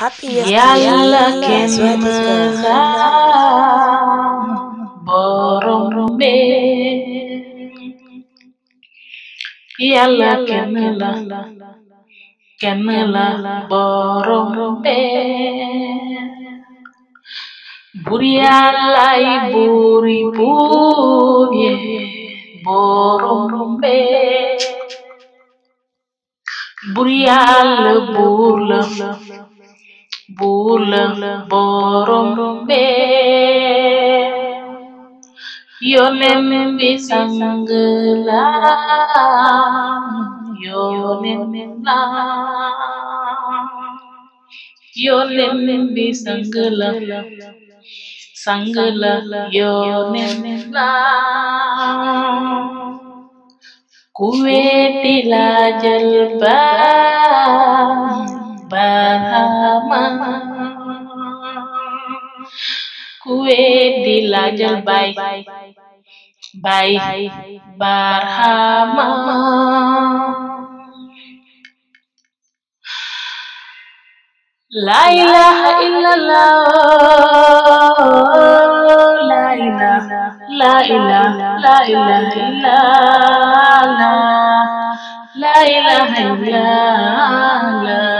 yàlla kenn la borom be yàlla kenn la kenn la borom be bur yàlla yi buri buur ye borom be bur yàlla buur la bulan borom be yonem bi sangla yonem la yonem bi sangla sangla yonem la kuweti la bahama kue dilajal baik baik bahama La ilaha illallah La ilaha La ilaha La ilaha illallah La ilaha illallah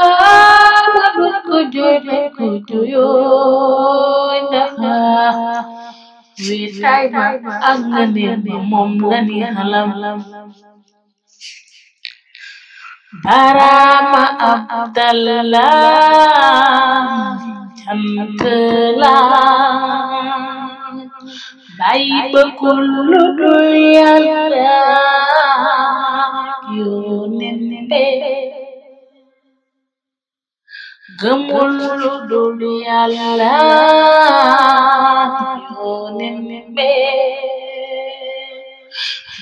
julit kudu yooy dafa wéet ak nga neex ba moom nga neexalam barama abdalla cant la bàyyi ba kullu dul yàlla Gemuludul yàlla nembe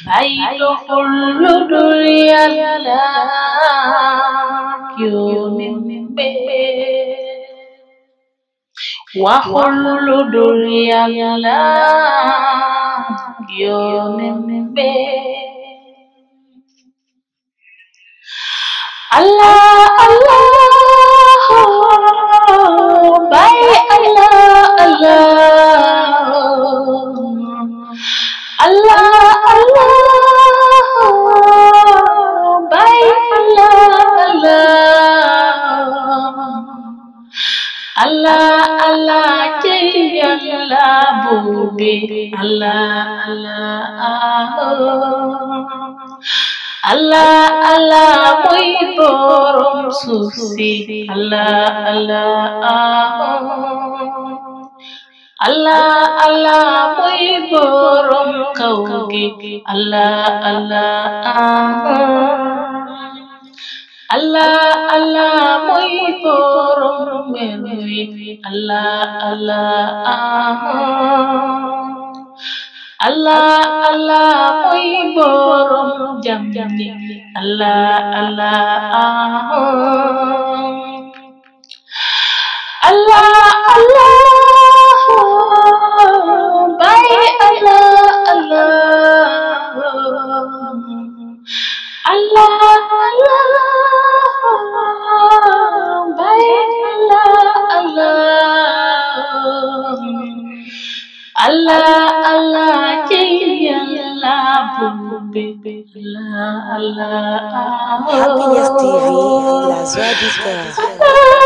bayto kuludul yàlla yo nembe wa kuludul yàlla yo nembe Allah Allah by Allah, Allah. Allah, Allah. By Allah, Allah. Allah, Allah. Allah, Bobby. Allah, Allah. আল্লাহ আল্লাহ মই পরম Susi আল্লাহ আল্লাহ আল্লাহ আল্লাহ মই পরম কাউকে আল্লাহ আল্লাহ আল্লাহ আল্লাহ মই পরম মেনুই আল্লাহ আল্লাহ আল্লাহ আল্লাহ মই পরম jam jam jam Allah Allah ah Happiness TV, la joie